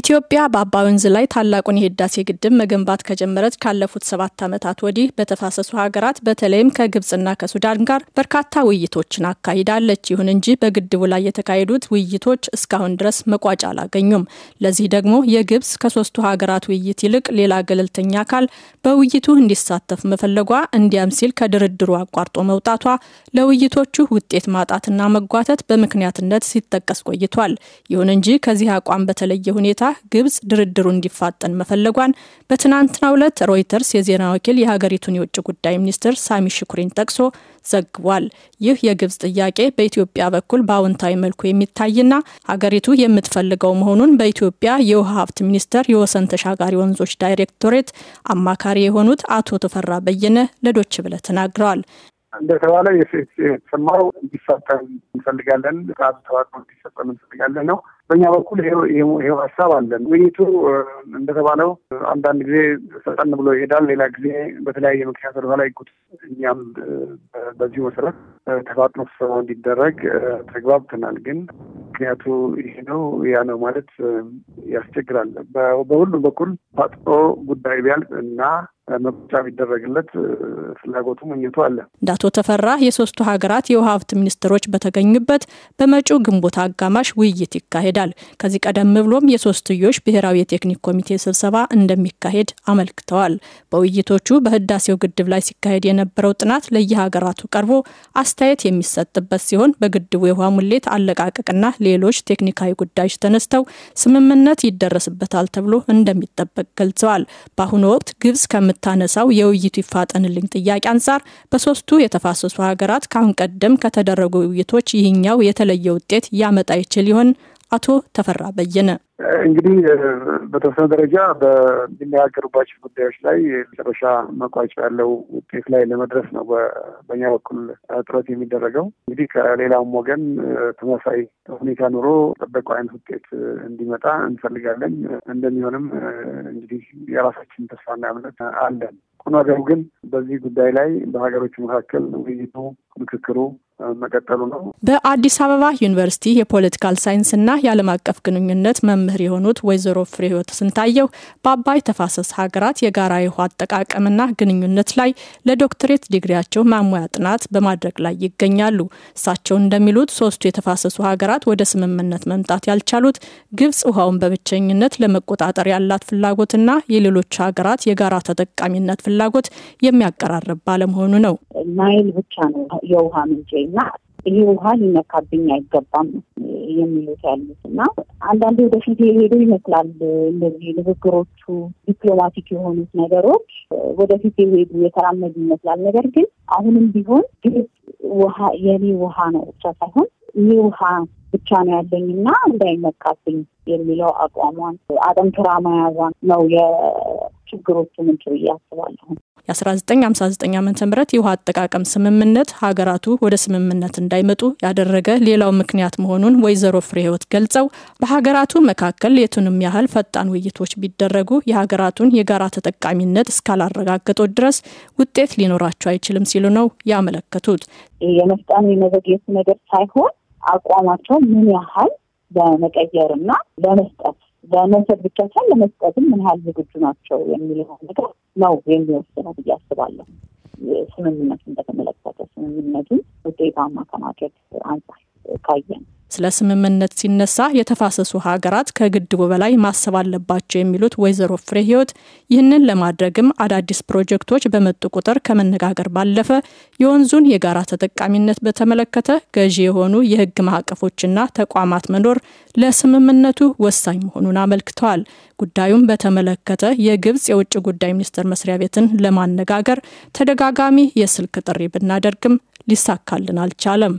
ኢትዮጵያ በአባ ወንዝ ላይ ታላቁን የህዳሴ ግድብ መገንባት ከጀመረች ካለፉት ሰባት ዓመታት ወዲህ በተፋሰሱ ሀገራት በተለይም ከግብፅና ከሱዳን ጋር በርካታ ውይይቶችን አካሂዳለች። ይሁን እንጂ በግድቡ ላይ የተካሄዱት ውይይቶች እስካሁን ድረስ መቋጫ አላገኙም። ለዚህ ደግሞ የግብፅ ከሶስቱ ሀገራት ውይይት ይልቅ ሌላ ገለልተኛ አካል በውይይቱ እንዲሳተፍ መፈለጓ፣ እንዲያም ሲል ከድርድሩ አቋርጦ መውጣቷ ለውይይቶቹ ውጤት ማጣትና መጓተት በምክንያትነት ሲጠቀስ ቆይቷል። ይሁን እንጂ ከዚህ አቋም በተለየ ሁኔታ ሁኔታ ግብጽ ድርድሩ እንዲፋጠን መፈለጓን በትናንትናው ዕለት ሮይተርስ የዜና ወኪል የሀገሪቱን የውጭ ጉዳይ ሚኒስትር ሳሚ ሽኩሪን ጠቅሶ ዘግቧል። ይህ የግብጽ ጥያቄ በኢትዮጵያ በኩል በአዎንታዊ መልኩ የሚታይና ሀገሪቱ የምትፈልገው መሆኑን በኢትዮጵያ የውሃ ሀብት ሚኒስቴር የወሰን ተሻጋሪ ወንዞች ዳይሬክቶሬት አማካሪ የሆኑት አቶ ተፈራ በየነ ለዶች ብለ ተናግረዋል። እንደተባለው የተሰማው እንዲፋጠን እንፈልጋለን። ሰዓቱ ተዋቅሮ እንዲሰጠን እንፈልጋለን ነው። በእኛ በኩል ይሄው ሀሳብ አለን። ውይይቱ እንደተባለው አንዳንድ ጊዜ ፈጠን ብሎ ይሄዳል፣ ሌላ ጊዜ በተለያየ ምክንያት ወደኋላ ይጉት። እኛም በዚሁ መሰረት ተፋጥኖ ስብሰባው እንዲደረግ ተግባብተናል። ግን ምክንያቱ ይሄ ነው ያ ነው ማለት ያስቸግራል። በሁሉም በኩል ፋጥኖ ጉዳይ ቢያልቅ እና መቁጫ ቢደረግለት ፍላጎቱ ምኞቱ አለ። እንደ አቶ ተፈራ የሶስቱ ሀገራት የውሃ ሀብት ሚኒስትሮች በተገኙበት በመጪው ግንቦት አጋማሽ ውይይት ይካሄዳል። ከዚህ ቀደም ብሎም የሶስትዮሽ ብሔራዊ የቴክኒክ ኮሚቴ ስብሰባ እንደሚካሄድ አመልክተዋል። በውይይቶቹ በህዳሴው ግድብ ላይ ሲካሄድ የነበረው ጥናት ለየሀገራቱ ቀርቦ አስተያየት የሚሰጥበት ሲሆን በግድቡ የውሃ ሙሌት አለቃቀቅና ሌሎች ቴክኒካዊ ጉዳዮች ተነስተው ስምምነት ይደረስበታል ተብሎ እንደሚጠበቅ ገልጸዋል። በአሁኑ ወቅት ግብጽ ከም ከምታነሳው የውይይቱ ይፋጠንልኝ ጥያቄ አንጻር በሶስቱ የተፋሰሱ ሀገራት ካሁን ቀደም ከተደረጉ ውይይቶች ይህኛው የተለየ ውጤት ያመጣ ይችል ይሆን? አቶ ተፈራ በየነ እንግዲህ በተወሰነ ደረጃ በሚነጋገሩባቸው ጉዳዮች ላይ መጨረሻ መቋጫ ያለው ውጤት ላይ ለመድረስ ነው በኛ በኩል ጥረት የሚደረገው። እንግዲህ ከሌላውም ወገን ተመሳሳይ ሁኔታ ኑሮ ጠበቀው አይነት ውጤት እንዲመጣ እንፈልጋለን። እንደሚሆንም እንግዲህ የራሳችን ተስፋና እምነት አለን። ቁም ነገሩ ግን በዚህ ጉዳይ ላይ በሀገሮች መካከል ውይይቱ፣ ምክክሩ መቀጠሉ ነው። በአዲስ አበባ ዩኒቨርሲቲ የፖለቲካል ሳይንስና የዓለም አቀፍ ግንኙነት መምህር የሆኑት ወይዘሮ ፍሬህይወት ስንታየው በአባይ ተፋሰስ ሀገራት የጋራ የውሃ አጠቃቀምና ግንኙነት ላይ ለዶክትሬት ዲግሪያቸው ማሟያ ጥናት በማድረግ ላይ ይገኛሉ። እሳቸው እንደሚሉት ሶስቱ የተፋሰሱ ሀገራት ወደ ስምምነት መምጣት ያልቻሉት ግብጽ ውሃውን በብቸኝነት ለመቆጣጠር ያላት ፍላጎትና የሌሎች ሀገራት የጋራ ተጠቃሚነት ፍላጎት የሚያቀራርብ ባለመሆኑ ነው። ናይል ብቻ ነው የውሃ ምንጭ እና ይሄ ውሃ ሊነካብኝ አይገባም የሚሉት ያሉት እና አንዳንዴ ወደፊት የሄዱ ይመስላል። እንደዚህ ንግግሮቹ ዲፕሎማቲክ የሆኑት ነገሮች ወደፊት የሄዱ የተራመዱ ይመስላል። ነገር ግን አሁንም ቢሆን ግልጽ ውሃ የኔ ውሃ ነው ብቻ ሳይሆን ይህ ውሃ ብቻ ነው ያለኝ እና እንዳይመካብኝ የሚለው አቋሟን አጠንክራ መያዟን ነው ችግሮቹ ምንጭ ብዬ አስባለሁ። የ1959 ዓመተ ም የውሃ አጠቃቀም ስምምነት ሀገራቱ ወደ ስምምነት እንዳይመጡ ያደረገ ሌላው ምክንያት መሆኑን ወይዘሮ ፍሬ ህይወት ገልጸው በሀገራቱ መካከል የቱንም ያህል ፈጣን ውይይቶች ቢደረጉ የሀገራቱን የጋራ ተጠቃሚነት እስካላረጋገጡት ድረስ ውጤት ሊኖራቸው አይችልም ሲሉ ነው ያመለከቱት። የመፍጣኑ የመዘግየቱ ነገር ሳይሆን አቋማቸው ምን ያህል ለመቀየርና ለመስጠት ለመውሰድ ብቻ ሳይሆን ለመስጠትም ምን ያህል ዝግጁ ናቸው የሚለው ነገር ነው የሚወስነው ብዬ አስባለሁ። ስምምነቱን በተመለከተ ስምምነቱን ውጤታማ ከማድረግ አንጻር ካየን ስለ ስምምነት ሲነሳ የተፋሰሱ ሀገራት ከግድቡ በላይ ማሰብ አለባቸው የሚሉት ወይዘሮ ፍሬ ህይወት ይህንን ለማድረግም አዳዲስ ፕሮጀክቶች በመጡ ቁጥር ከመነጋገር ባለፈ የወንዙን የጋራ ተጠቃሚነት በተመለከተ ገዢ የሆኑ የህግ ማዕቀፎችና ተቋማት መኖር ለስምምነቱ ወሳኝ መሆኑን አመልክተዋል። ጉዳዩን በተመለከተ የግብጽ የውጭ ጉዳይ ሚኒስትር መስሪያ ቤትን ለማነጋገር ተደጋጋሚ የስልክ ጥሪ ብናደርግም ሊሳካልን አልቻለም።